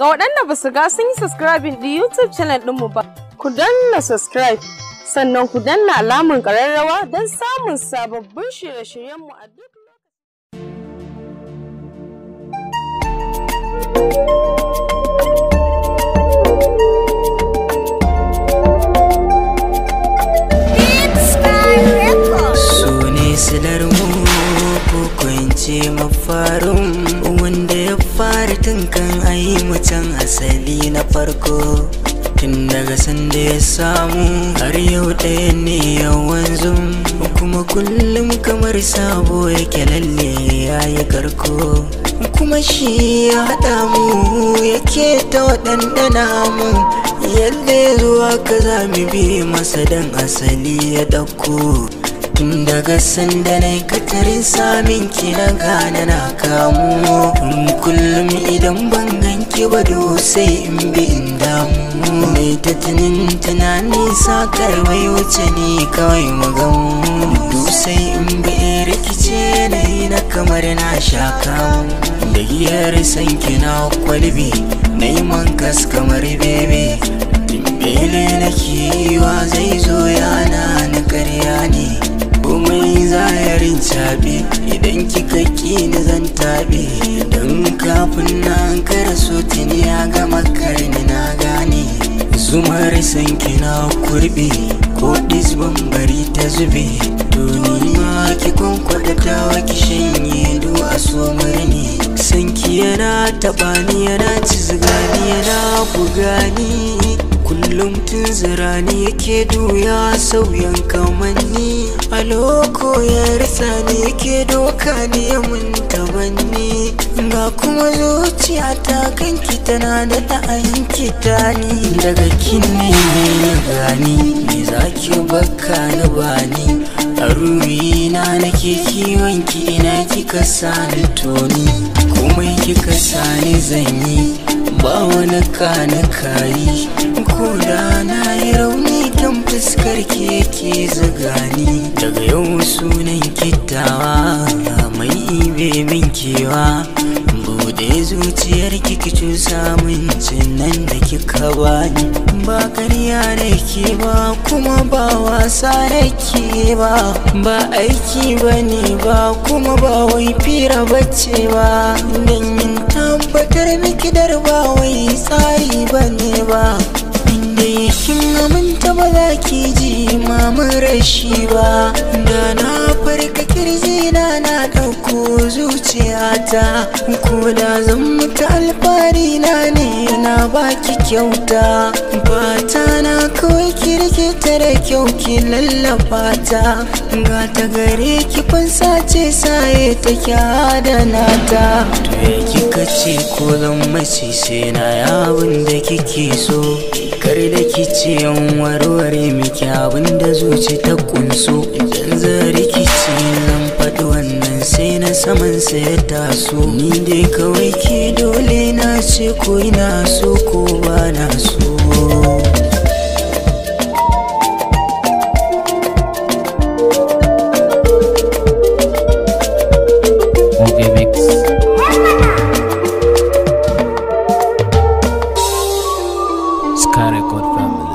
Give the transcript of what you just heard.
Ga waɗanda ba su ga sun yi subscribing ɗin YouTube channel ɗinmu ba, ku danna subscribe sannan ku danna alamun ƙararrawa don samun sababbin shirye-shiryenmu a duk lokacin. mutum kan ayi mutum asali na farko tun daga sanda ya samu har yau ɗaya ne yawan zum kuma kullum kamar sabo yake lalle ya yi karko kuma shi ya haɗa mu yake ta waɗandana mu yadda zuwa ka za mu bi masa dan asali ya ɗauko tun daga sanda na katarin samin ki na gane na kamu kullum idan ban ganki ba sai in bi in damu mai ta tunin tunani sa karwai wuce ni kawai magamu sai in bi in rikice na yi na kamar na sha kamu da hiyar sanki na kwalbi na yi mankas kamar bebe bele na kiwa zai tabi idan kika ƙi ni zan taɓi. don kafin na kara so ya gama karni na gane zumar sanki na kurbi ko dis bari ta zube to ma ki kwankwada ta ki shanye du a so murni san yana taɓa ni yana cizga ni yana buga ni kullum tun zirani yake duya sauyan kamanni a loko ya risa ne yake doka ne ya munta ga kuma zuciya ta kanki tana da ta'ayin kita ni daga kin ne ya gani me zaki baka na bani a na nake kiwon ki ina kika sani toni komai kika sani zanyi ba wani kana kayi ko na yi rauni kan fuskar keke zagani daga yau sunan kittawa mai ibe min kewa bude zuciyar kiki samun min nan da kika bani ba karya nake ba kuma ba wasa nake ba ba aiki bane ba kuma ba wai fira bace ba don tabbatar miki ba wai tsari ba ne ba inda kin aminta ba za ki ji mamun rashi ba da na farka kirji na na ɗauko zuciyata ko da zan mutu alfari na ne na baki kyauta ba ta kawai ki rike kyau ki lallaba ta ga ta gare ki fansa ce saye ta ki adana ta to ya kika ce ko zan mace sai na yawon da kike so kar da ki ce yan warware miki abin da zuci ta kunso idan zan rikici zan faɗi wannan sai na saman sa ya taso ni dai kawai ki dole na ce ko ina so ko ba entire good family.